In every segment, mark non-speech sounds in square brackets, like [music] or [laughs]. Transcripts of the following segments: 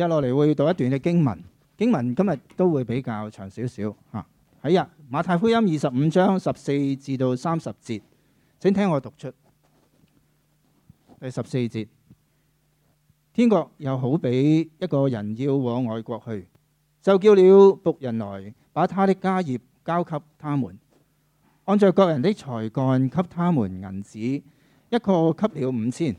一落嚟會讀一段嘅經文，經文今日都會比較長少少。吓、啊、喺《馬太福音》二十五章十四至到三十節，請聽我讀出第十四節：天國又好比一個人要往外國去，就叫了僕人來，把他的家業交給他們，按照各人的才幹給他們銀紙，一個給了五千，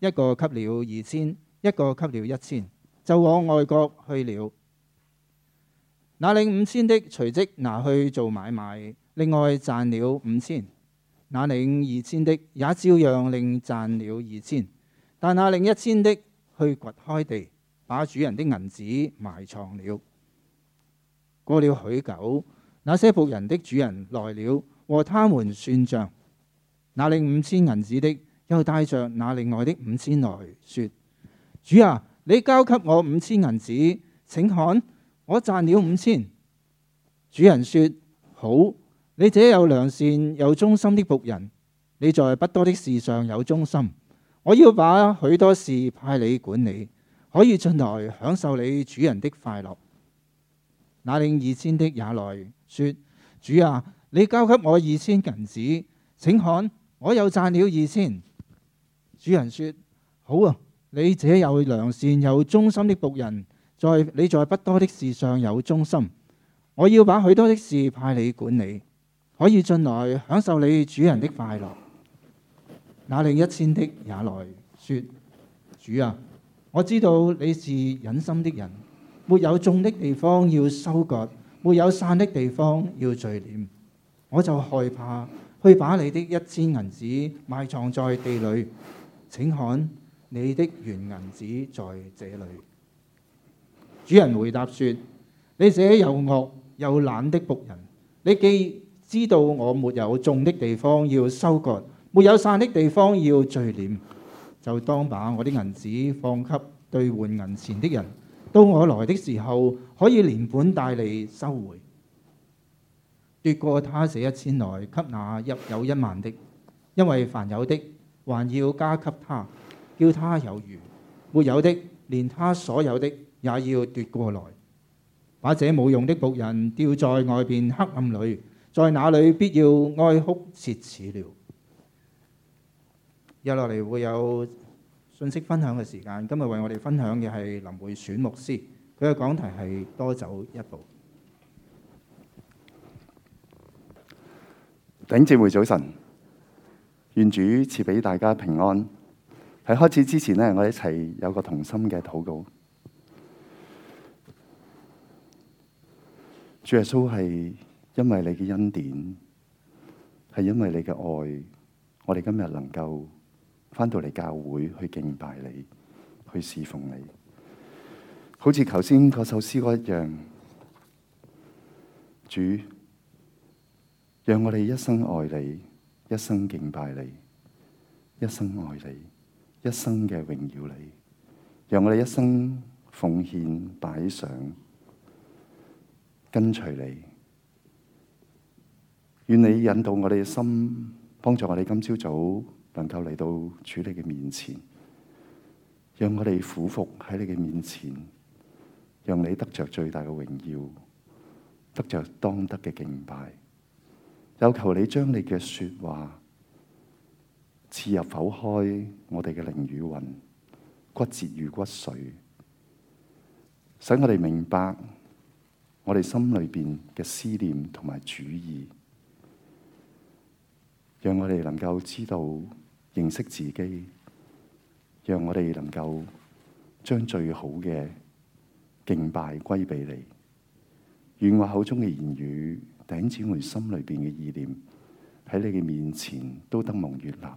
一個給了二千，一個給了二千，一千。就往外國去了。那領五千的隨即拿去做買賣，另外賺了五千。那領二千的也照樣另賺了二千，但那領一千的去掘開地，把主人的銀子埋藏了。過了許久，那些僕人的主人來了，和他們算賬。那領五千銀子的又帶着那另外的五千來說：主啊！你交給我五千銀子，請看，我賺了五千。主人說：好，你這有良善有忠心的僕人，你在不多的事上有忠心，我要把許多事派你管理，可以進來享受你主人的快樂。那領二千的也來說：主啊，你交給我二千銀子，請看，我又賺了二千。主人說：好啊。你這有良善有忠心的僕人，在你在不多的事上有忠心，我要把許多的事派你管理，可以進來享受你主人的快樂。那領一千的也來說：主啊，我知道你是忍心的人，沒有種的地方要收割，沒有散的地方要聚斂，我就害怕去把你的一千銀子埋藏在地裏，請看。你的原銀子在這裡。主人回答說：你這又惡又懶的僕人，你既知道我沒有種的地方要收割，沒有散的地方要聚斂，就當把我的銀子放給兌換銀錢的人，到我來的時候可以連本帶利收回。奪過他這一千來給那入有一萬的，因為凡有的還要加給他。叫他有餘，沒有的，連他所有的也要奪過來，把這無用的僕人丟在外邊黑暗裏，在那裏必要哀哭切齒了。接落嚟會有信息分享嘅時間，今日為我哋分享嘅係林會選牧師，佢嘅講題係多走一步。頂住會早晨，願主賜俾大家平安。喺開始之前呢，我哋一齊有一個同心嘅禱告。主耶穌，係因為你嘅恩典，係因為你嘅愛，我哋今日能夠翻到嚟教會去敬拜你，去侍奉你，好似頭先嗰首詩歌一樣。主，讓我哋一生愛你，一生敬拜你，一生愛你，一生嘅榮耀你，讓我哋一生奉獻擺上，跟隨你，願你引導我哋嘅心，幫助我哋今朝早能夠嚟到主你嘅面前，讓我哋俯伏喺你嘅面前，讓你得着最大嘅榮耀，得着當得嘅敬拜，有求你將你嘅說話，刺入剖開我哋嘅靈與魂，骨折與骨髓，使我哋明白我哋心裏邊嘅思念同埋主意，讓我哋能夠知道認識自己，讓我哋能夠將最好嘅敬拜歸俾你，願我口中嘅言語，頂子我心裏邊嘅意念，喺你嘅面前都得蒙悅納。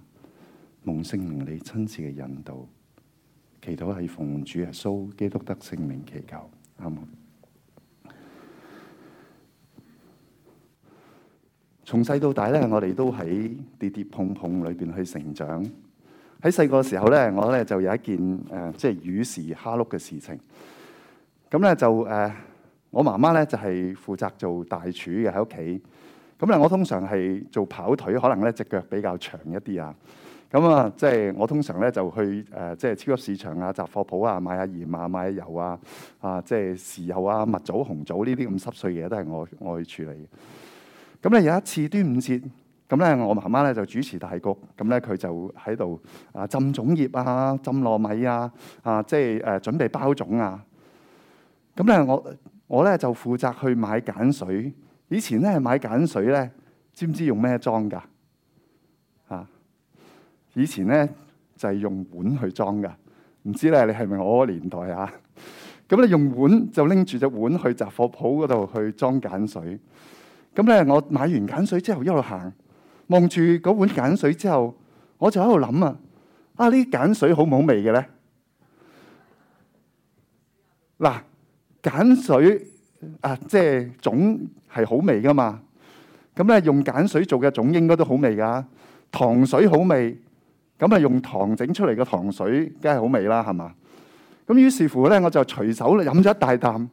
蒙聖靈你親自嘅引導祈禱係奉主耶穌基督得聖靈祈求。阿們，從細到大咧，我哋都喺跌跌碰碰裏邊去成長。喺細個時候咧，我咧就有一件誒，即係與時蝦碌嘅事情。咁咧就誒、呃，我媽媽咧就係、是、負責做大廚嘅喺屋企。咁嗱，我通常係做跑腿，可能咧隻腳比較長一啲啊。咁啊，即係我通常咧就去誒，即、呃、係、就是、超級市場啊、雜貨鋪啊，買下鹽啊、買下油啊，啊，即係豉油啊、蜜棗、紅棗呢啲咁濕碎嘢都係我我去處理嘅。咁咧有一次端午節，咁咧我媽媽咧就主持大局。咁咧佢就喺度啊浸粽葉啊、浸糯米啊，啊即係誒準備包粽啊。咁咧我我咧就負責去買鹼水。以前咧買鹼水咧，知唔知用咩裝㗎？以前咧就係、是、用碗去裝噶，唔知咧你係咪我個年代啊？咁 [laughs] 你、嗯、用碗就拎住隻碗去雜貨鋪嗰度去裝鹼水。咁、嗯、咧我買完鹼水之後一路行，望住嗰碗鹼水之後，我就喺度諗啊，啊呢鹼水好唔好味嘅咧？嗱鹼水啊，即係、啊就是、粽係好味噶嘛？咁、嗯、咧用鹼水做嘅粽應該都好味噶、啊，糖水好味。咁咪用糖整出嚟嘅糖水，梗係好味啦，係嘛？咁於是乎咧，我就隨手飲咗一大啖，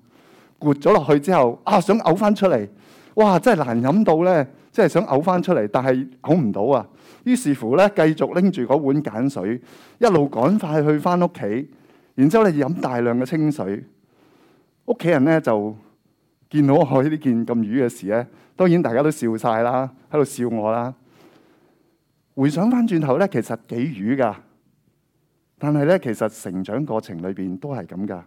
灌咗落去之後，啊想嘔翻出嚟，哇真係難飲到咧，即係想嘔翻出嚟，但係嘔唔到啊！於是乎咧，繼續拎住嗰碗鹼水，一路趕快去翻屋企，然之後咧飲大量嘅清水。屋企人咧就見到我呢件咁魚嘅事咧，當然大家都笑晒啦，喺度笑我啦。回想翻轉頭咧，其實幾瘀噶，但係咧，其實成長過程裏邊都係咁噶。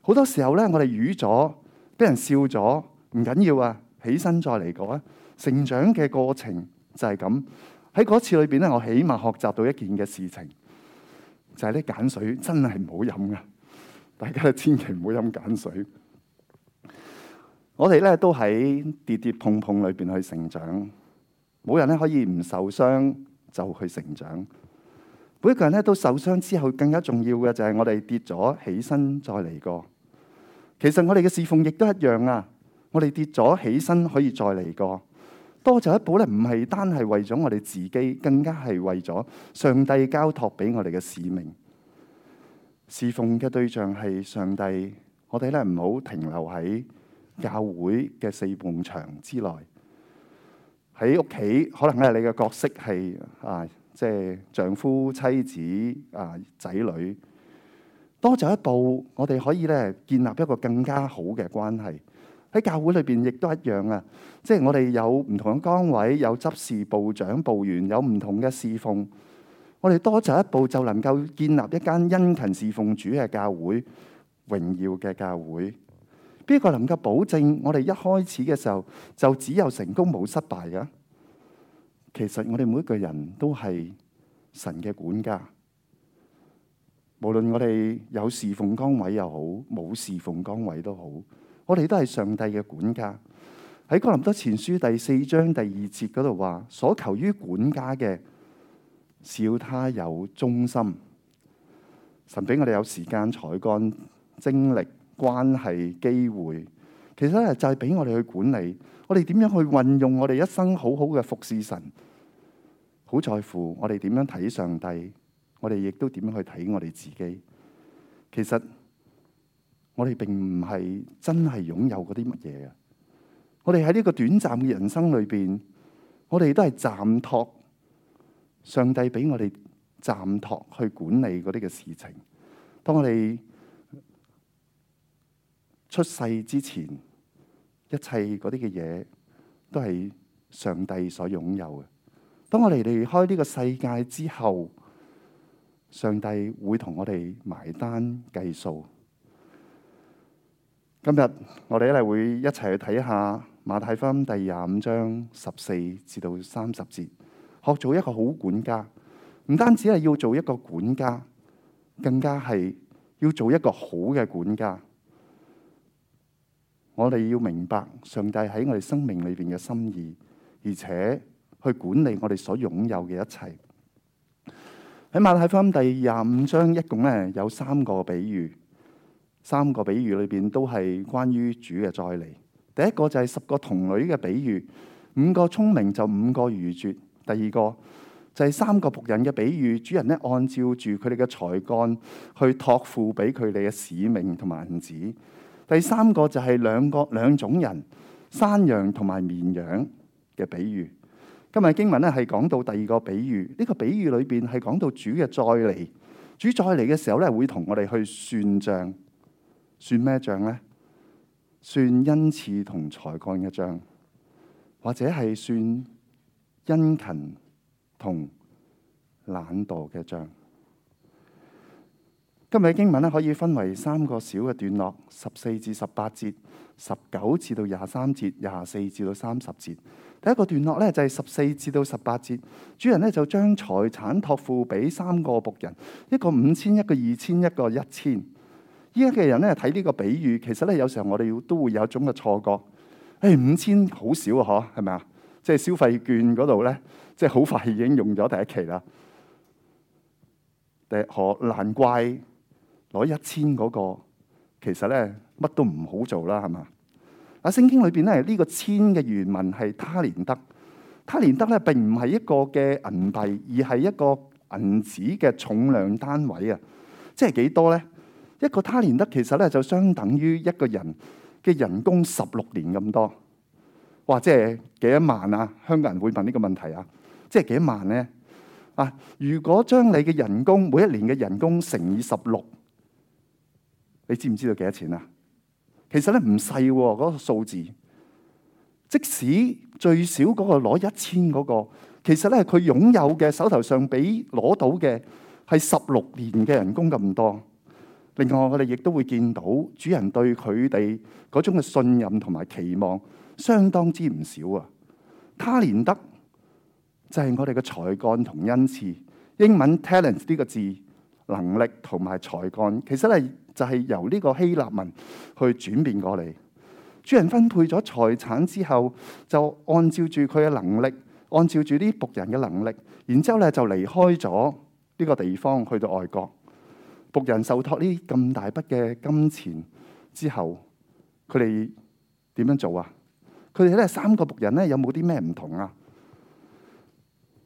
好多時候咧，我哋瘀咗，俾人笑咗，唔緊要啊，起身再嚟過啊。成長嘅過程就係咁。喺嗰次裏邊咧，我起碼學習到一件嘅事情，就係啲鹼水真係唔好飲噶，大家咧千祈唔好飲鹼水。我哋咧都喺跌跌碰碰裏邊去成長，冇人咧可以唔受傷就去成長，每個人咧都受傷之後，更加重要嘅就係我哋跌咗起身再嚟過。其實我哋嘅侍奉亦都一樣啊！我哋跌咗起身可以再嚟過，多走一步咧，唔係單係為咗我哋自己，更加係為咗上帝交託俾我哋嘅使命。侍奉嘅對象係上帝，我哋咧唔好停留喺教會嘅四面牆之內。喺屋企，可能咧你嘅角色係啊，即係丈夫、妻子啊、仔女，多走一步，我哋可以咧建立一個更加好嘅關係。喺教會裏邊亦都一樣啊，即係我哋有唔同嘅崗位，有執事、部長、部員，有唔同嘅侍奉，我哋多走一步，就能夠建立一間殷勤侍奉主嘅教會，榮耀嘅教會。呢個能夠保證我哋一開始嘅時候就只有成功冇失敗嘅。其實我哋每一個人都係神嘅管家，無論我哋有侍奉崗位又好，冇侍奉崗位都好，我哋都係上帝嘅管家。喺哥林多前書第四章第二節嗰度話，所求於管家嘅是要他有忠心，神俾我哋有時間、才幹、精力。關係機會，其實就係俾我哋去管理，我哋點樣去運用我哋一生好好嘅服侍神，好在乎我哋點樣睇上帝，我哋亦都點樣去睇我哋自己。其實我哋並唔係真係擁有嗰啲乜嘢啊！我哋喺呢個短暫嘅人生裏邊，我哋都係暫託上帝，俾我哋暫託去管理嗰啲嘅事情。當我哋。出世之前，一切嗰啲嘅嘢都係上帝所擁有嘅。當我哋離開呢個世界之後，上帝會同我哋埋單計數。今日我哋一會一齊去睇下馬太福音第二十五章十四至到三十節，學做一個好管家。唔單止係要做一個管家，更加係要做一個好嘅管家。我哋要明白上帝喺我哋生命裏邊嘅心意，而且去管理我哋所擁有嘅一切。喺馬太福音第廿五章一，一共咧有三個比喻，三個比喻裏邊都係關於主嘅再嚟。第一個就係十個童女嘅比喻，五個聰明就五個愚拙。第二個就係三個僕人嘅比喻，主人咧按照住佢哋嘅才幹去託付俾佢哋嘅使命同埋銀子。第三個就係兩個兩種人，山羊同埋綿羊嘅比喻。今日經文咧係講到第二個比喻，呢個比喻裏邊係講到主嘅再嚟，主再嚟嘅時候咧會同我哋去算賬，算咩賬呢？算恩賜同才幹嘅賬，或者係算殷勤同懶惰嘅賬。今日嘅經文咧可以分為三個小嘅段落，十四至十八節、十九至到廿三節、廿四至到三十節。第一個段落咧就係十四至到十八節，主人咧就將財產託付俾三個僕人，一個五千，一個二千，一個一千。依家嘅人咧睇呢個比喻，其實咧有時候我哋都會有一種嘅錯覺，誒、哎、五千好少啊，嗬，係咪啊？即係消費券嗰度咧，即係好快已經用咗第一期啦。第可難怪。攞一千嗰個，其實咧乜都唔好做啦，係嘛？啊，聖經裏邊咧呢個千嘅原文係他連得，他連得咧並唔係一個嘅銀幣，而係一個銀紙嘅重量單位啊！即係幾多咧？一個他連得其實咧就相等於一個人嘅人工十六年咁多。哇！即係幾多萬啊？香港人會問呢個問題啊！即係幾多萬咧？啊！如果將你嘅人工每一年嘅人工乘以十六。你知唔知道幾多錢啊？其實咧唔細嗰個數字，即使最少嗰個攞一千嗰個，其實咧佢擁有嘅手頭上俾攞到嘅係十六年嘅人工咁多。另外我哋亦都會見到主人對佢哋嗰種嘅信任同埋期望相當之唔少啊。卡連德就係我哋嘅才幹同恩賜，英文 talent 呢個字，能力同埋才幹，其實係。就係由呢個希臘文去轉變過嚟。主人分配咗財產之後，就按照住佢嘅能力，按照住啲僕人嘅能力，然之後咧就離開咗呢個地方，去到外國。僕人受託呢咁大筆嘅金錢之後，佢哋點樣做啊？佢哋咧三個僕人咧，有冇啲咩唔同啊？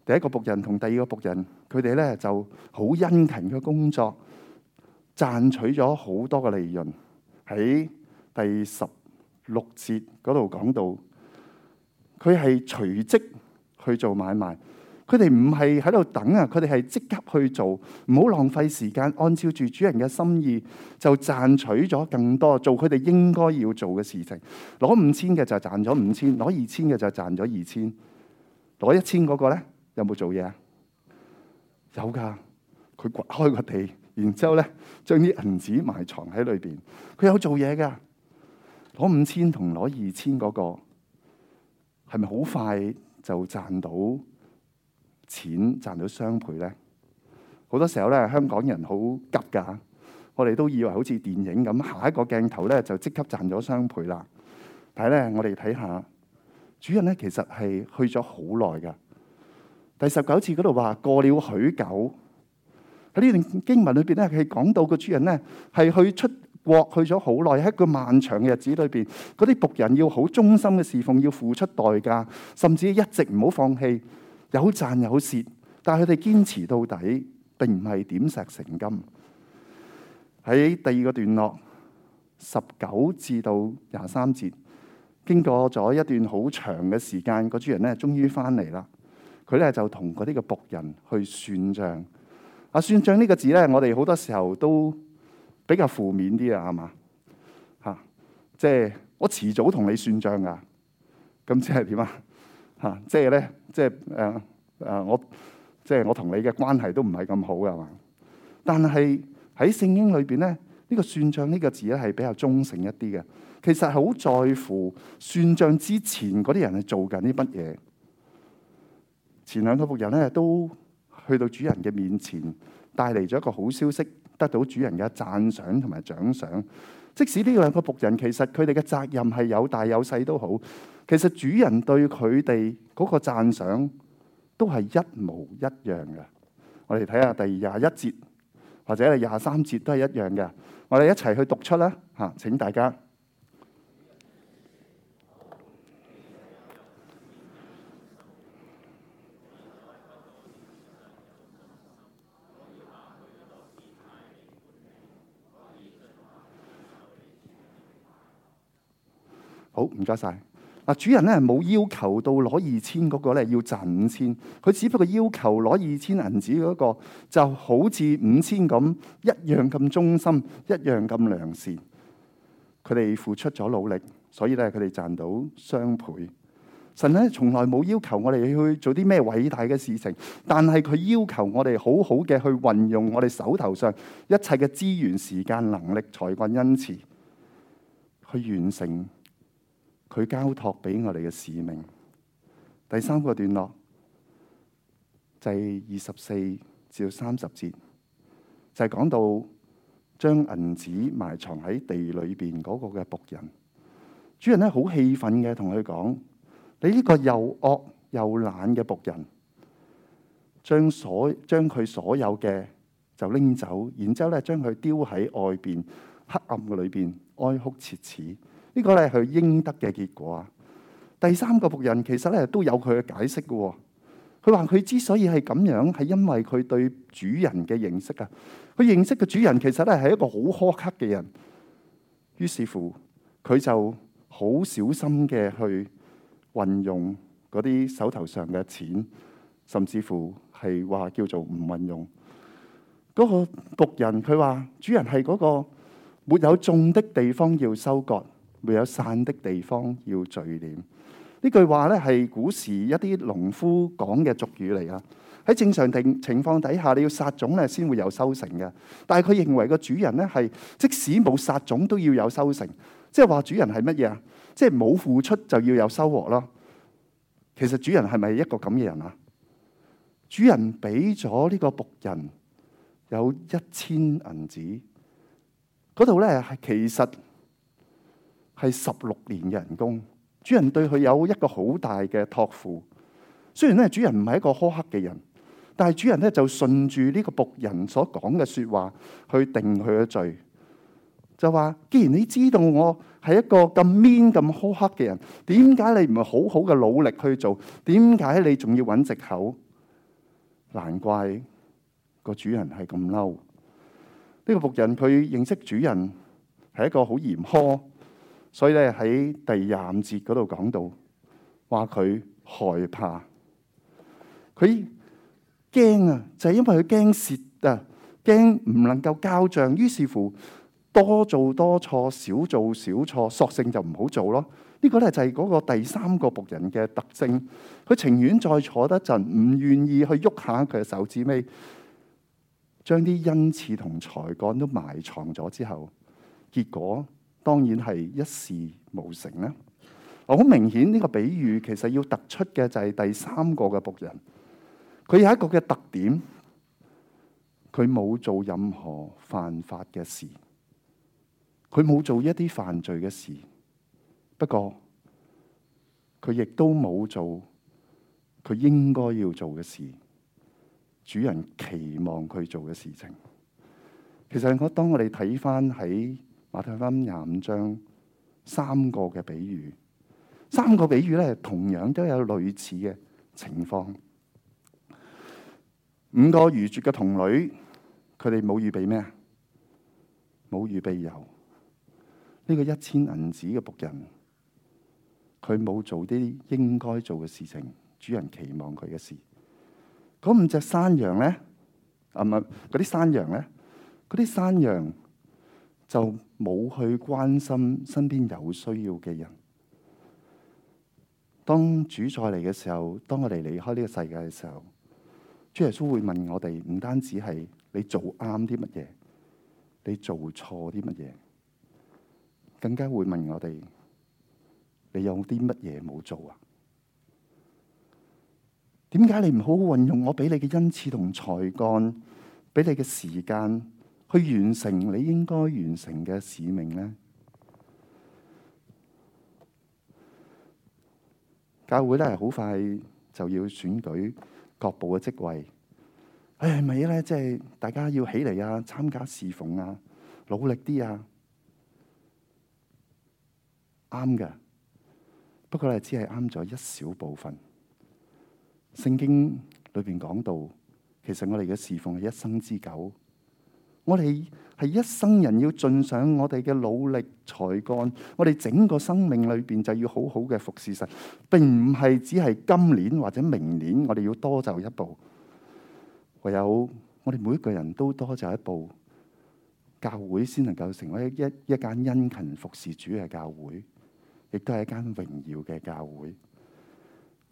第一個僕人同第二個僕人，佢哋咧就好殷勤嘅工作。賺取咗好多嘅利潤，喺第十六節嗰度講到，佢係隨即去做買賣，佢哋唔係喺度等啊，佢哋係即刻去做，唔好浪費時間，按照住主人嘅心意就賺取咗更多，做佢哋應該要做嘅事情，攞五千嘅就賺咗五千，攞二千嘅就賺咗二千，攞一千嗰個呢，有冇做嘢啊？有噶，佢掘開個地。然之後咧，將啲銀紙埋藏喺裏邊。佢有做嘢㗎，攞五千同攞二千嗰個，係咪好快就賺到錢、賺到雙倍咧？好多時候咧，香港人好急㗎。我哋都以為好似電影咁，下一個鏡頭咧就即刻賺咗雙倍啦。但係咧，我哋睇下，主人咧其實係去咗好耐㗎。第十九次嗰度話過了許久。喺呢段經文裏邊咧，佢講到個主人咧係去出國去咗好耐，喺一個漫長嘅日子裏邊，嗰啲僕人要好忠心嘅侍奉，要付出代價，甚至一直唔好放棄，有賺有蝕，但係佢哋堅持到底，並唔係點石成金。喺第二個段落十九至到廿三節，經過咗一段好長嘅時間，個主人咧終於翻嚟啦。佢咧就同嗰啲嘅僕人去算賬。啊！算賬呢個字咧，我哋好多時候都比較負面啲啊，係嘛？吓，即係我遲早同你算賬噶，咁即係點啊？吓、呃呃，即係咧，即係誒誒，我即係我同你嘅關係都唔係咁好嘅，係嘛？但係喺聖經裏邊咧，呢、這個算賬呢個字咧係比較忠誠一啲嘅，其實好在乎算賬之前嗰啲人係做緊啲乜嘢。前兩套僕人咧都。去到主人嘅面前，帶嚟咗一個好消息，得到主人嘅讚賞同埋獎賞。即使呢兩個僕人其實佢哋嘅責任係有大有細都好，其實主人對佢哋嗰個讚賞都係一模一樣嘅。我哋睇下第二十一節或者係廿三節都係一樣嘅。我哋一齊去讀出啦嚇！請大家。好，唔該晒。嗱，主人咧冇要求到攞二千嗰個咧要賺五千，佢只不過要求攞二千銀子嗰個就好似五千咁一樣咁忠心，一樣咁良善。佢哋付出咗努力，所以咧佢哋賺到雙倍。神咧從來冇要求我哋去做啲咩偉大嘅事情，但係佢要求我哋好好嘅去運用我哋手頭上一切嘅資源、時間、能力、才幹、恩賜，去完成佢交託俾我哋嘅使命。第三個段落，就係二十四至到三十節，就係講到將銀紙埋藏喺地裏邊嗰個嘅僕人。主人咧好氣憤嘅，同佢講：你呢個又惡又懶嘅僕人，將所將佢所有嘅就拎走，然之後咧將佢丟喺外邊黑暗嘅裏邊哀哭切齒。呢個咧係佢應得嘅結果啊！第三個僕人其實咧都有佢嘅解釋嘅。佢話：佢之所以係咁樣，係因為佢對主人嘅認識啊。佢認識嘅主人其實咧係一個好苛刻嘅人，於是乎佢就好小心嘅去運用嗰啲手頭上嘅錢，甚至乎係話叫做唔運用嗰個僕人。佢話主人係嗰個沒有種的地方要收割。會有散的地方要聚斂，呢句話咧係古時一啲農夫講嘅俗語嚟啊，喺正常定情況底下，你要撒種咧先會有收成嘅。但係佢認為個主人咧係，即使冇撒種都要有收成，即係話主人係乜嘢啊？即係冇付出就要有收穫咯。其實主人係咪一個咁嘅人啊？主人俾咗呢個僕人有一千銀子，嗰度咧係其實。係十六年嘅人工，主人對佢有一個好大嘅託付。雖然咧，主人唔係一個苛刻嘅人，但係主人咧就順住呢個僕人所講嘅說話去定佢嘅罪。就話，既然你知道我係一個咁 mean、咁苛刻嘅人，點解你唔係好好嘅努力去做？點解你仲要揾藉口？難怪個主人係咁嬲。呢個僕人佢認識主人係一個好嚴苛。所以咧喺第廿五節嗰度講到，話佢害怕，佢驚啊，就係、是、因為佢驚蝕啊，驚唔能夠交賬，於是乎多做多錯，少做少錯，索性就唔好做咯。呢、這個咧就係嗰個第三個僕人嘅特徵，佢情願再坐得陣，唔願意去喐下佢嘅手指尾，將啲恩賜同才幹都埋藏咗之後，結果，當然係一事無成啦！好明顯，呢個比喻其實要突出嘅就係第三個嘅僕人，佢有一個嘅特點，佢冇做任何犯法嘅事，佢冇做一啲犯罪嘅事，不過佢亦都冇做佢應該要做嘅事，主人期望佢做嘅事情。其實我當我哋睇返喺馬太福音廿五章，三個嘅比喻，三個比喻咧，同樣都有類似嘅情況。五個愚拙嘅童女，佢哋冇預備咩啊？冇預備油。呢、這個一千銀子嘅僕人，佢冇做啲應該做嘅事情，主人期望佢嘅事。嗰五隻山羊咧，啊唔係嗰啲山羊咧，嗰啲山羊。就冇去關心身邊有需要嘅人。當主再嚟嘅時候，當我哋離開呢個世界嘅時候，主耶穌會問我哋，唔單止係你做啱啲乜嘢，你做錯啲乜嘢，更加會問我哋，你有啲乜嘢冇做啊？點解你唔好好運用我俾你嘅恩賜同才幹，俾你嘅時間？去完成你應該完成嘅使命咧，教會咧好快就要選舉各部嘅職位。係咪咧？即係大家要起嚟啊，參加侍奉啊，努力啲啊，啱嘅。不過咧只係啱咗一小部分。聖經裏邊講到，其實我哋嘅侍奉係一生之久。我哋係一生人要盡上我哋嘅努力才幹，我哋整個生命裏邊就要好好嘅服侍神，並唔係只係今年或者明年，我哋要多走一步，唯有我哋每一個人都多走一步，教會先能夠成為一一間殷勤服侍主嘅教會，亦都係一間榮耀嘅教會。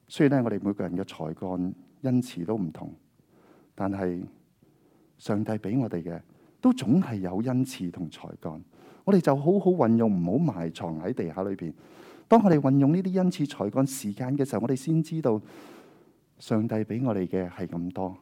雖然咧我哋每個人嘅才幹、恩賜都唔同，但係上帝俾我哋嘅。都總係有恩賜同才幹，我哋就好好運用，唔好埋藏喺地下裏邊。當我哋運用呢啲恩賜才幹時間嘅時候，我哋先知道上帝俾我哋嘅係咁多。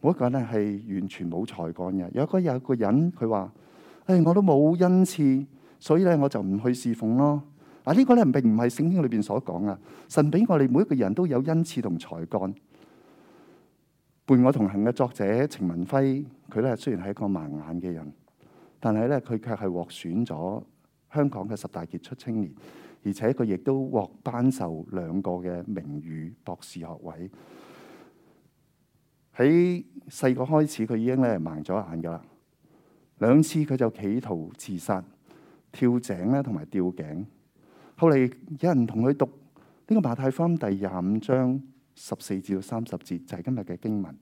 冇一個人係完全冇才幹嘅。如果有個，有個人佢話：誒、哎，我都冇恩賜，所以咧我就唔去侍奉咯。啊、這個，呢個咧並唔係聖經裏邊所講啊。神俾我哋每一個人都有恩賜同才幹。伴我同行嘅作者程文輝，佢咧雖然係一個盲眼嘅人，但係咧佢卻係獲選咗香港嘅十大傑出青年，而且佢亦都獲頒授兩個嘅名譽博士學位。喺細個開始，佢已經咧盲咗眼噶啦，兩次佢就企圖自殺，跳井咧同埋吊頸。後嚟有人同佢讀呢個馬太福音第廿五章。十四至到三十節就係、是、今日嘅經文。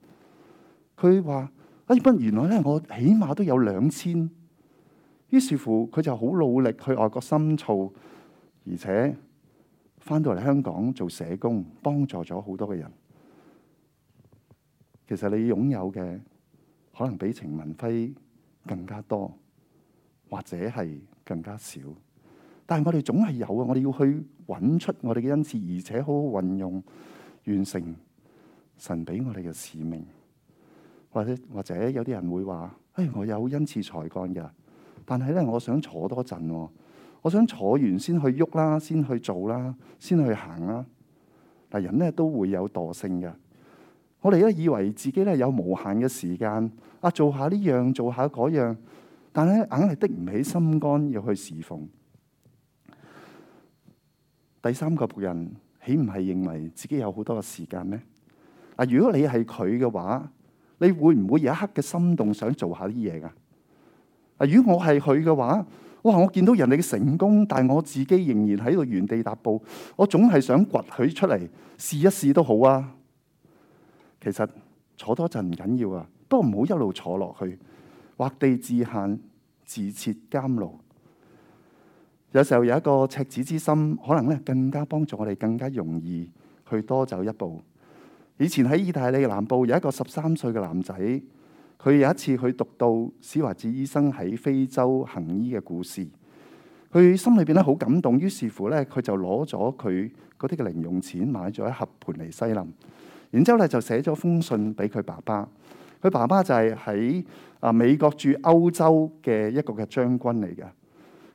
佢話：阿、哎、葉原來咧我起碼都有兩千。於是乎，佢就好努力去外國深造，而且翻到嚟香港做社工，幫助咗好多嘅人。其實你擁有嘅可能比程文輝更加多，或者係更加少。但係我哋總係有啊！我哋要去揾出我哋嘅恩賜，而且好好運用。完成神俾我哋嘅使命，或者或者有啲人會話：哎，我有恩賜才幹㗎，但係咧，我想坐多陣，我想坐完先去喐啦，先去做啦，先去行啦。但人咧都會有惰性嘅，我哋咧以為自己咧有無限嘅時間，啊，做下呢樣，做下嗰樣，但係硬係的唔起心肝要去侍奉。第三個僕人。豈唔係認為自己有好多嘅時間咩？嗱、啊，如果你係佢嘅話，你會唔會有一刻嘅心動想做下啲嘢噶？啊，如果我係佢嘅話，哇，我見到人哋嘅成功，但係我自己仍然喺度原地踏步，我總係想掘佢出嚟試一試都好啊。其實坐多陣唔緊要啊，都唔好一路坐落去畫地自限，自設監牢。有時候有一個赤子之心，可能咧更加幫助我哋，更加容易去多走一步。以前喺意大利南部有一個十三歲嘅男仔，佢有一次佢讀到史華治醫生喺非洲行醫嘅故事，佢心裏邊咧好感動，於是乎咧佢就攞咗佢嗰啲嘅零用錢買咗一盒盤尼西林，然之後咧就寫咗封信俾佢爸爸。佢爸爸就係喺啊美國駐歐洲嘅一個嘅將軍嚟嘅。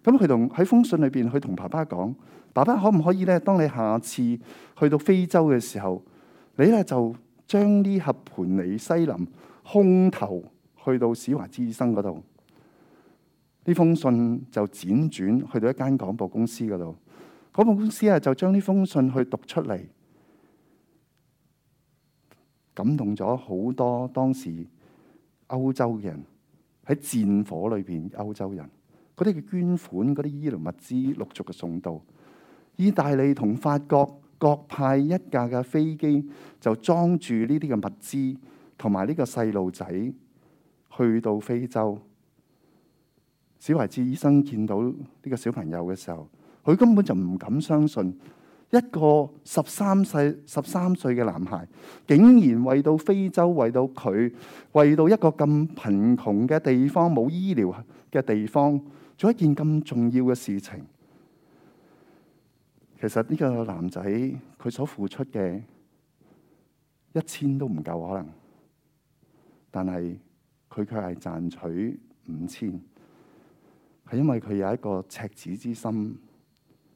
咁佢同喺封信裏邊，佢同爸爸講，爸爸可唔可以咧？當你下次去到非洲嘅時候，你咧就將呢盒盤尼西林空投去到史華之醫生嗰度。呢封信就輾轉去到一間廣播公司嗰度，廣播公司啊就將呢封信去讀出嚟，感動咗好多當時歐洲嘅人喺戰火裏邊，歐洲人。嗰啲嘅捐款，嗰啲醫療物資陸續嘅送到。意大利同法國各派一架嘅飛機，就裝住呢啲嘅物資同埋呢個細路仔去到非洲。小孩子醫生見到呢個小朋友嘅時候，佢根本就唔敢相信，一個十三歲、十三歲嘅男孩，竟然為到非洲，為到佢，為到一個咁貧窮嘅地方、冇醫療嘅地方。做一件咁重要嘅事情，其實呢個男仔，佢所付出嘅一千都唔夠可能，但係佢卻係賺取五千，係因為佢有一個赤子之心，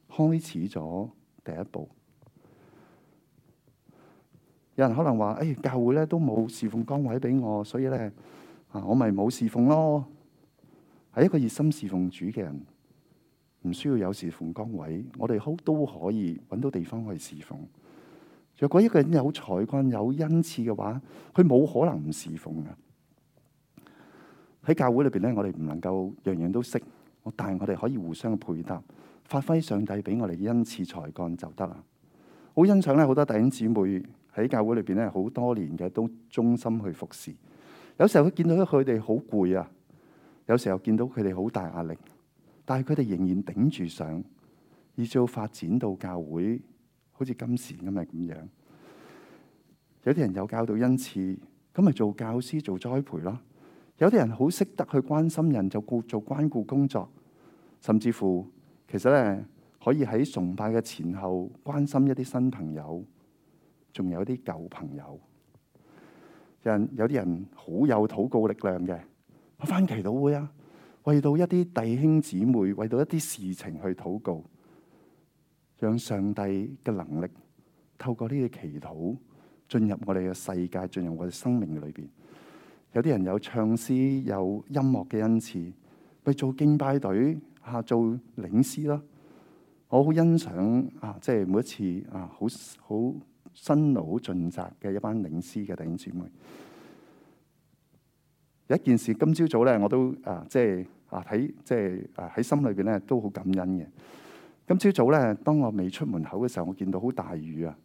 開始咗第一步。有人可能話：，誒、哎，教會咧都冇侍奉崗位俾我，所以咧，啊，我咪冇侍奉咯。係一個熱心侍奉主嘅人，唔需要有侍奉崗位，我哋好都可以揾到地方去侍奉。若果一個人有才幹有恩賜嘅話，佢冇可能唔侍奉㗎。喺教會裏邊咧，我哋唔能夠樣樣都識，但係我哋可以互相配搭，發揮上帝俾我哋嘅恩賜才幹就得啦。好欣賞咧，好多弟兄姊妹喺教會裏邊咧，好多年嘅都忠心去服侍。有時候佢見到佢哋好攰啊。有時候見到佢哋好大壓力，但係佢哋仍然頂住上，以至發展到教會，好似今時咁咪咁樣。有啲人有教導恩賜，咁咪做教師做栽培囉。有啲人好識得去關心人，就顧做關顧工作，甚至乎其實咧可以喺崇拜嘅前後關心一啲新朋友，仲有啲舊朋友。有人有啲人好有禱告力量嘅。我翻祈禱會啊，為到一啲弟兄姊妹，為到一啲事情去禱告，讓上帝嘅能力透過呢個祈禱進入我哋嘅世界，進入我哋生命嘅裏邊。有啲人有唱詩，有音樂嘅恩賜，去做敬拜隊啊，做領詩啦。我好欣賞啊，即係每一次啊，好好辛勞盡責嘅一班領詩嘅弟兄姊妹。有一件事，今朝早咧我都啊，即係啊喺即係啊喺、啊啊、心裏邊咧都好感恩嘅。今朝早咧，當我未出門口嘅時候，我見到好大雨啊。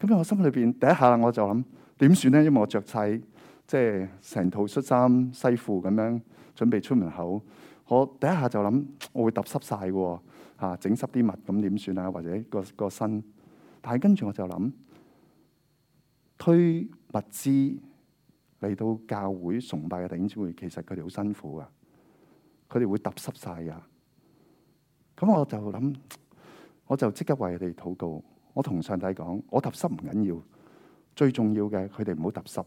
咁樣我心裏邊第一下我就諗點算咧？因為我着晒即係成套恤衫西褲咁樣準備出門口，我第一下就諗我會揼濕晒嘅喎，整濕啲襪咁點算啊？或者個個身，但係跟住我就諗推物資。嚟到教會崇拜嘅弟兄姊妹，其實佢哋好辛苦㗎。佢哋會揼濕晒噶，咁我就諗，我就即刻為佢哋禱告。我同上帝講：我揼濕唔緊要，最重要嘅佢哋唔好揼濕。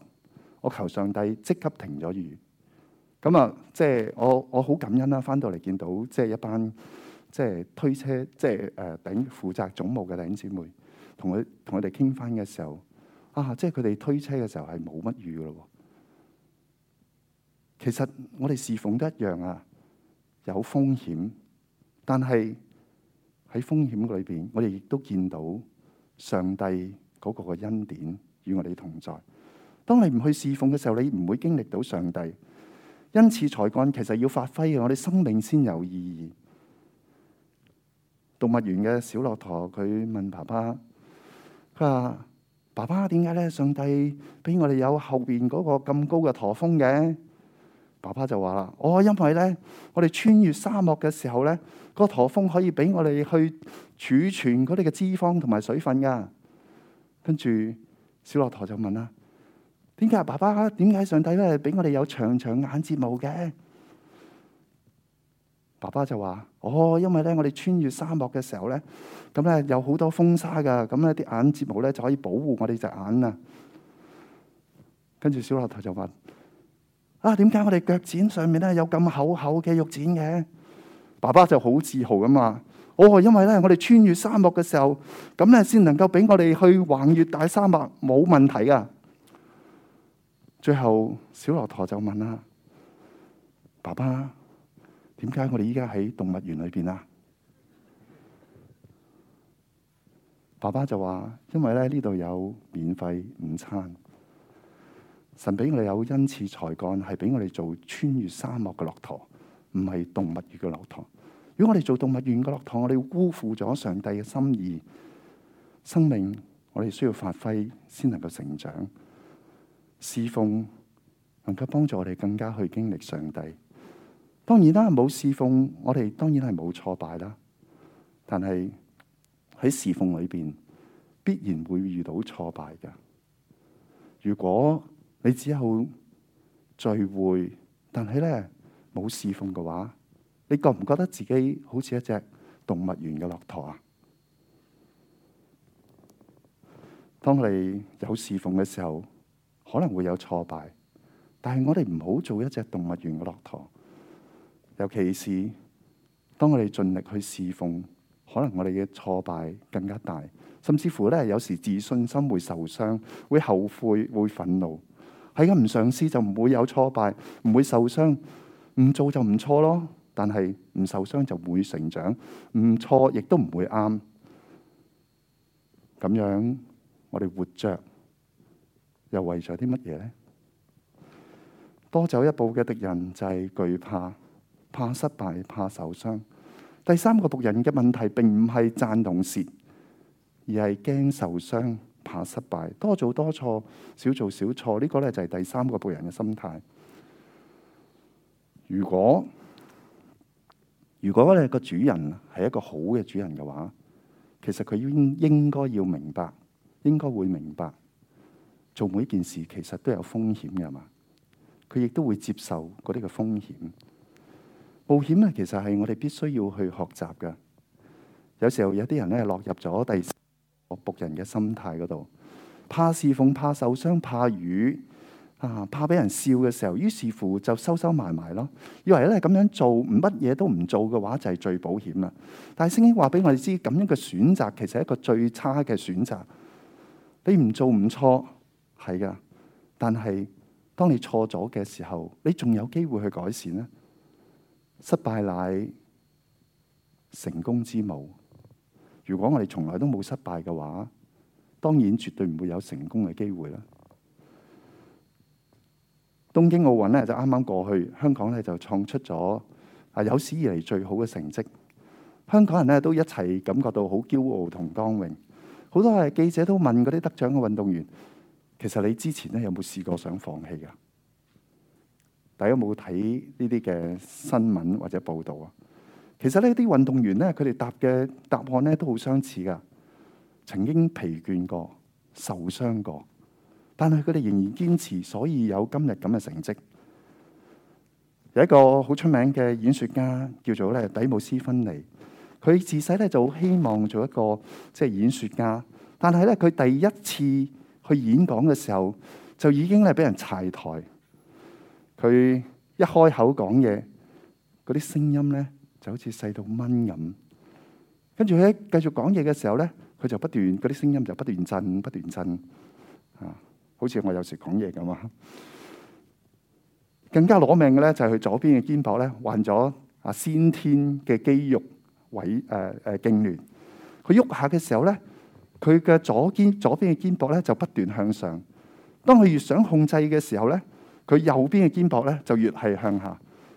我求上帝即刻停咗雨。咁啊，即係我我好感恩啦！翻到嚟見到即係一班即係推車即係誒頂負責總務嘅弟兄姊妹，同佢同佢哋傾翻嘅時候，啊！即係佢哋推車嘅時候係冇乜雨咯喎。其實我哋侍奉都一樣啊，有風險，但係喺風險嘅裏邊，我哋亦都見到上帝嗰個嘅恩典與我哋同在。當你唔去侍奉嘅時候，你唔會經歷到上帝。因此才幹，其實要發揮我哋生命先有意義。動物園嘅小駱駝佢問爸爸，佢話爸爸，點解咧？上帝俾我哋有後邊嗰個咁高嘅駝峰嘅？爸爸就話啦、哦，我因為咧，我哋穿越沙漠嘅時候咧，個駝峰可以俾我哋去儲存佢哋嘅脂肪同埋水分噶。跟住小駱駝就問啦，點解爸爸？點解上帝咧俾我哋有長長眼睫毛嘅？爸爸就話，哦，因為咧，我哋穿越沙漠嘅時候咧，咁咧有好多風沙噶，咁咧啲眼睫毛咧就可以保護我哋隻眼啊。跟住小駱駝就問。啊，點解我哋腳剪上面咧有咁厚厚嘅肉剪嘅？爸爸就好自豪噶嘛！我、哦、係因為咧，我哋穿越沙漠嘅時候，咁咧先能夠俾我哋去橫越大沙漠冇問題噶。最後小駱駝就問啦：「爸爸，點解我哋依家喺動物園裏邊啊？爸爸就話：「因為咧呢度有免費午餐。神俾我哋有恩賜才幹，係俾我哋做穿越沙漠嘅駱駝，唔係動物園嘅駱駝。如果我哋做動物園嘅駱駝，我哋辜負咗上帝嘅心意。生命我哋需要發揮先能夠成長，侍奉能夠幫助我哋更加去經歷上帝。當然啦，冇侍奉，我哋當然係冇挫敗啦。但係喺侍奉裏邊，必然會遇到挫敗嘅。如果你只有聚會，但係咧冇侍奉嘅話，你覺唔覺得自己好似一隻動物園嘅駱駝啊？當你有侍奉嘅時候，可能會有挫敗，但係我哋唔好做一隻動物園嘅駱駝。尤其是當我哋盡力去侍奉，可能我哋嘅挫敗更加大，甚至乎咧有時自信心會受傷，會後悔，會憤怒。係咁唔嘗試就唔會有挫敗，唔會受傷；唔做就唔錯咯，但係唔受傷就唔會成長。唔錯亦都唔會啱。咁樣我哋活着又為咗啲乜嘢呢？多走一步嘅敵人就係懼怕，怕失敗，怕受傷。第三個敵人嘅問題並唔係贊同蝕，而係驚受傷。怕失敗，多做多錯，少做少錯，這個、呢個咧就係、是、第三個僕人嘅心態。如果如果咧個主人係一個好嘅主人嘅話，其實佢應應該要明白，應該會明白，做每件事其實都有風險嘅嘛。佢亦都會接受嗰啲嘅風險。冒險咧，其實係我哋必須要去學習嘅。有時候有啲人咧落入咗第僕人嘅心態嗰度，怕侍奉、怕受傷、怕辱啊，怕俾人笑嘅時候，於是乎就收收埋埋咯。以為咧咁樣做，乜嘢都唔做嘅話就係最保險啦。但係聖經話俾我哋知，咁樣嘅選擇其實係一個最差嘅選擇。你唔做唔錯係噶，但係當你錯咗嘅時候，你仲有機會去改善咧。失敗乃成功之母。如果我哋從來都冇失敗嘅話，當然絕對唔會有成功嘅機會啦。東京奧運咧就啱啱過去，香港咧就創出咗啊有史以嚟最好嘅成績。香港人咧都一齊感覺到好驕傲同光榮。好多係記者都問嗰啲得獎嘅運動員：其實你之前咧有冇試過想放棄噶？大家有冇睇呢啲嘅新聞或者報道啊？其實呢啲運動員呢，佢哋答嘅答案呢都好相似㗎。曾經疲倦過、受傷過，但係佢哋仍然堅持，所以有今日咁嘅成績。有一個好出名嘅演說家叫做呢底姆斯芬尼，佢自細呢就好希望做一個即係、就是、演說家，但係呢佢第一次去演講嘅時候，就已經呢俾人柴台。佢一開口講嘢，嗰啲聲音呢～就好似細到蚊咁，跟住佢繼續講嘢嘅時候咧，佢就不斷嗰啲聲音就不斷震，不斷震，啊，好似我有時講嘢咁啊。更加攞命嘅咧就係佢左邊嘅肩膊咧患咗啊先天嘅肌肉萎誒誒痙攣，佢喐下嘅時候咧，佢嘅左肩左邊嘅肩膊咧就不斷向上，當佢越想控制嘅時候咧，佢右邊嘅肩膊咧就越係向下。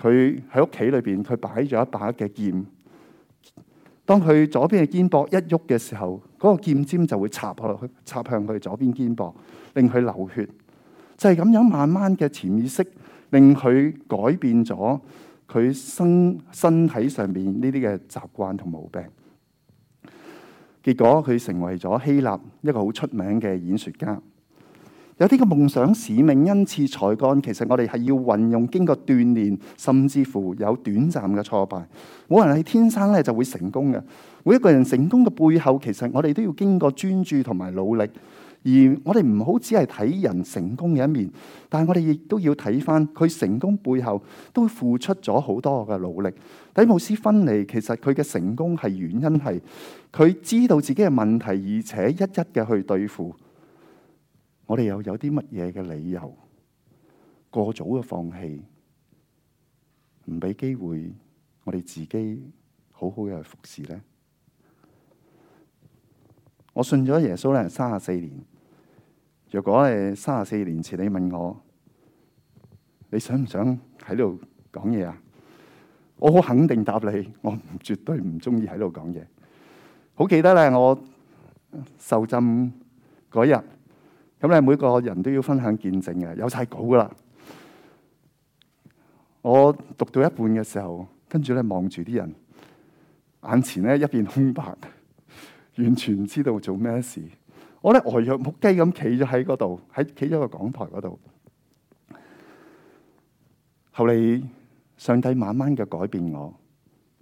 佢喺屋企裏邊，佢擺咗一把嘅劍。當佢左邊嘅肩膊一喐嘅時候，嗰個劍尖就會插落去，插向佢左邊肩膊，令佢流血。就係咁樣，慢慢嘅潛意識令佢改變咗佢身身體上面呢啲嘅習慣同毛病。結果佢成為咗希臘一個好出名嘅演說家。有啲嘅夢想、使命，恩賜才幹。其實我哋係要運用經過鍛煉，甚至乎有短暫嘅挫敗。冇人係天生咧就會成功嘅。每一個人成功嘅背後，其實我哋都要經過專注同埋努力。而我哋唔好只係睇人成功嘅一面，但係我哋亦都要睇翻佢成功背後都付出咗好多嘅努力。底姆斯分離，其實佢嘅成功係原因係佢知道自己嘅問題，而且一一嘅去對付。我哋又有啲乜嘢嘅理由過早嘅放棄，唔俾機會我哋自己好好嘅服侍咧？我信咗耶穌咧，三十四年。若果係三十四年前，你問我你想唔想喺度講嘢啊？我好肯定答你，我唔絕對唔中意喺度講嘢。好記得咧，我受浸嗰日。咁咧，每個人都要分享見證嘅，有晒稿噶啦。我讀到一半嘅時候，跟住咧望住啲人，眼前咧一片空白，完全唔知道做咩事。我咧呆、呃、若木雞咁企咗喺嗰度，喺企咗個講台嗰度。後嚟上帝慢慢嘅改變我，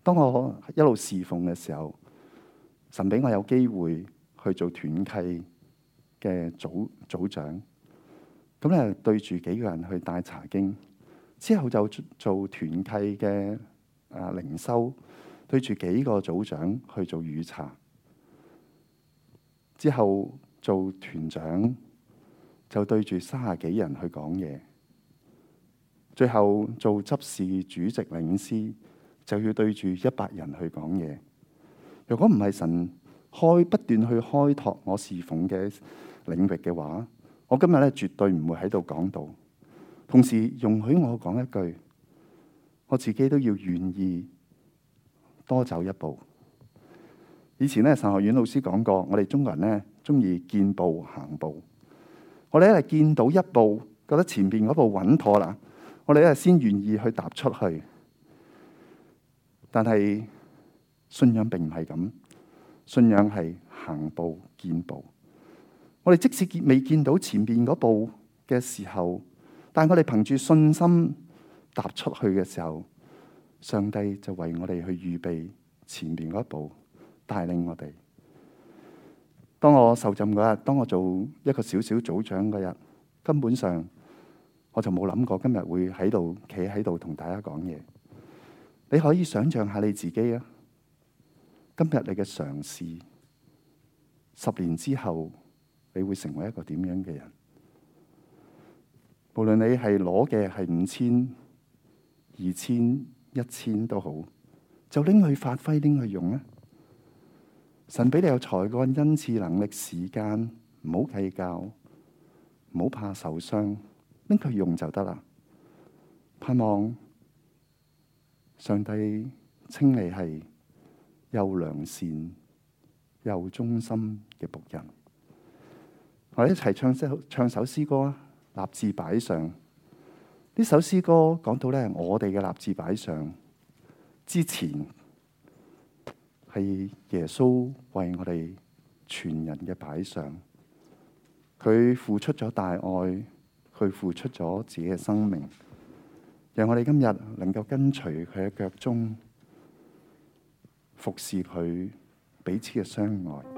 當我一路侍奉嘅時候，神俾我有機會去做團契。嘅組組長，咁、嗯、咧對住幾個人去帶查經，之後就做團契嘅啊靈修，對住幾個組長去做預查，之後做團長就對住三十幾人去講嘢，最後做執事主席領師就要對住一百人去講嘢。如果唔係神開不斷去開拓我侍奉嘅領域嘅話，我今日咧絕對唔會喺度講道。同時，容許我講一句，我自己都要願意多走一步。以前咧，神學院老師講過，我哋中國人咧中意見步行步。我哋一係見到一步，覺得前面嗰步穩妥啦，我哋一係先願意去踏出去。但係信仰並唔係咁，信仰係行步見步。我哋即使見未見到前面嗰步嘅時候，但係我哋憑住信心踏出去嘅時候，上帝就為我哋去預備前面嗰一步，帶領我哋。當我受浸嗰日，當我做一個小小組長嗰日，根本上我就冇諗過今日會喺度企喺度同大家講嘢。你可以想象下你自己啊！今日你嘅嘗試，十年之後。你會成為一個點樣嘅人？無論你係攞嘅係五千、二千、一千都好，就拎去發揮，拎去用啊！神俾你有才幹、恩賜、能力、時間，唔好計較，唔好怕受傷，拎去用就得啦。盼望上帝稱你係又良善又忠心嘅僕人。我哋一齊唱首唱首詩歌啊！立志擺上呢首詩歌，講到咧我哋嘅立志擺上之前係耶穌為我哋全人嘅擺上，佢付出咗大愛，佢付出咗自己嘅生命，讓我哋今日能夠跟隨佢嘅腳蹤服侍佢彼此嘅相愛。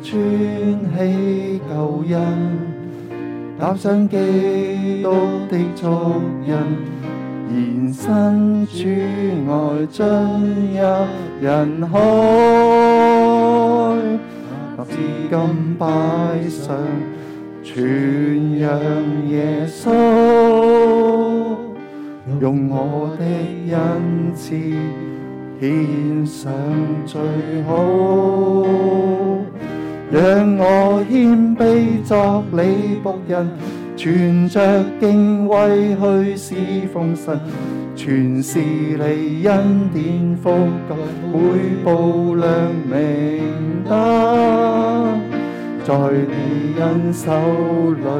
穿起舊印，踏上基督的足印，延伸主愛進入人海，立志今擺上，全揚耶穌，用我的恩賜獻上最好。讓我謙卑作祢僕人，存着敬畏去侍奉神，全是你恩典覆蓋，每步亮明燈，在祢恩手裏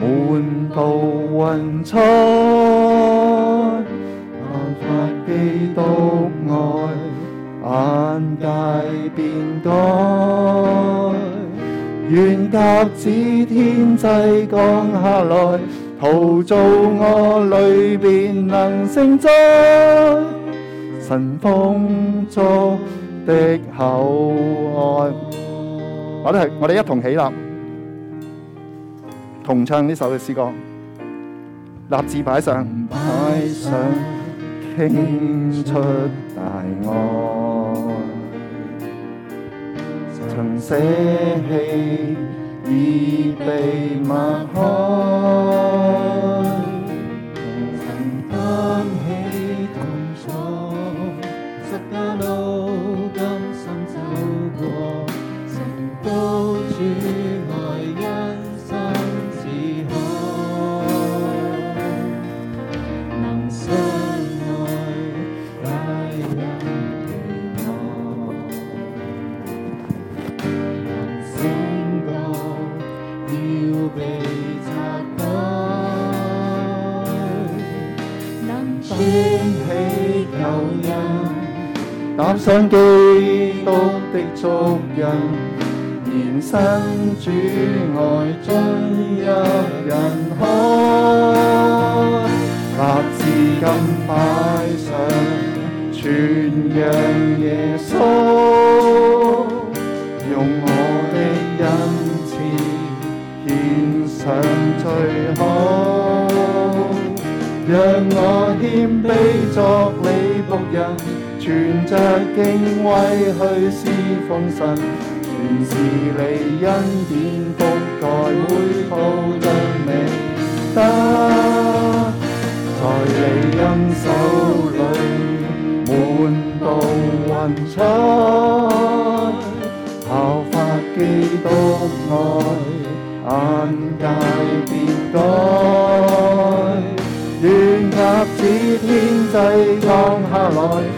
滿布雲彩，阿法基督愛。萬界變改，願甲子天際降下來，陶造我裏邊能勝災。神風助的口愛，我哋我哋一同起立，同唱呢首嘅詩歌。立志擺上，擺上傾出大愛。曾捨棄，已被抹去。Say, hey, 擔上基督的足印，獻身主愛，進入人海立志資金擺上，傳揚耶穌，用我的恩賜獻上最好，讓我謙卑作。全着敬畏去侍奉神，全是祢恩典覆在每步上，你得在祢恩手裏滿布雲彩，效法基督愛眼界變改，願革此天際降下來。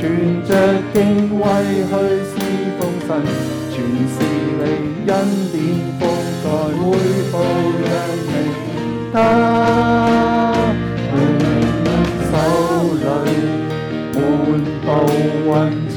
存着敬畏去侍奉神，全是你恩典放在我背後讓你他，你手裏滿布雲彩。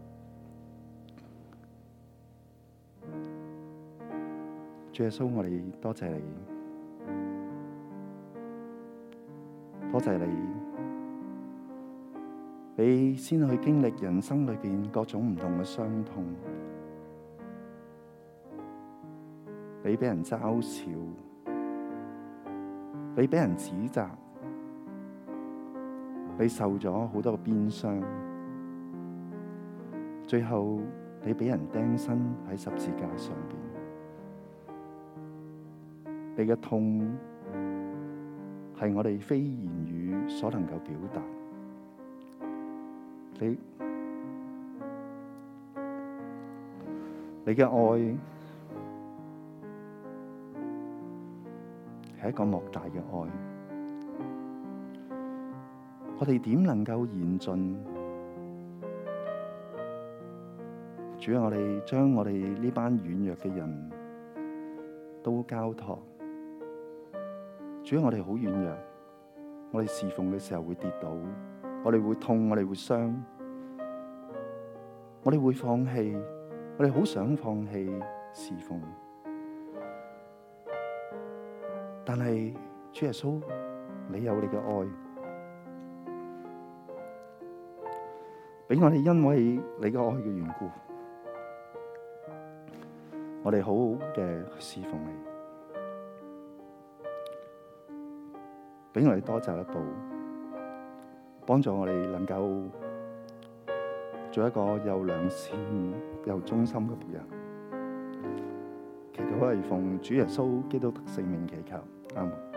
耶穌，我哋多謝你，多謝你，你先去經歷人生裏邊各種唔同嘅傷痛，你俾人嘲笑，你俾人指責，你受咗好多嘅鞭傷，最後你俾人釘身喺十字架上邊。你嘅痛係我哋非言語所能夠表達。你，你嘅愛係一個莫大嘅愛。我哋點能夠前進？主要我哋將我哋呢班軟弱嘅人都交託。如果我哋好軟弱，我哋侍奉嘅時候會跌倒，我哋會痛，我哋會傷，我哋會放棄，我哋好想放棄侍奉。但係主耶穌，你有你嘅愛，俾我哋，因為你嘅愛嘅緣故，我哋好好嘅侍奉你。俾我哋多走一步，幫助我哋能夠做一個又良善、又忠心嘅僕人。祈禱係奉主耶穌基督的聖名祈求，阿門。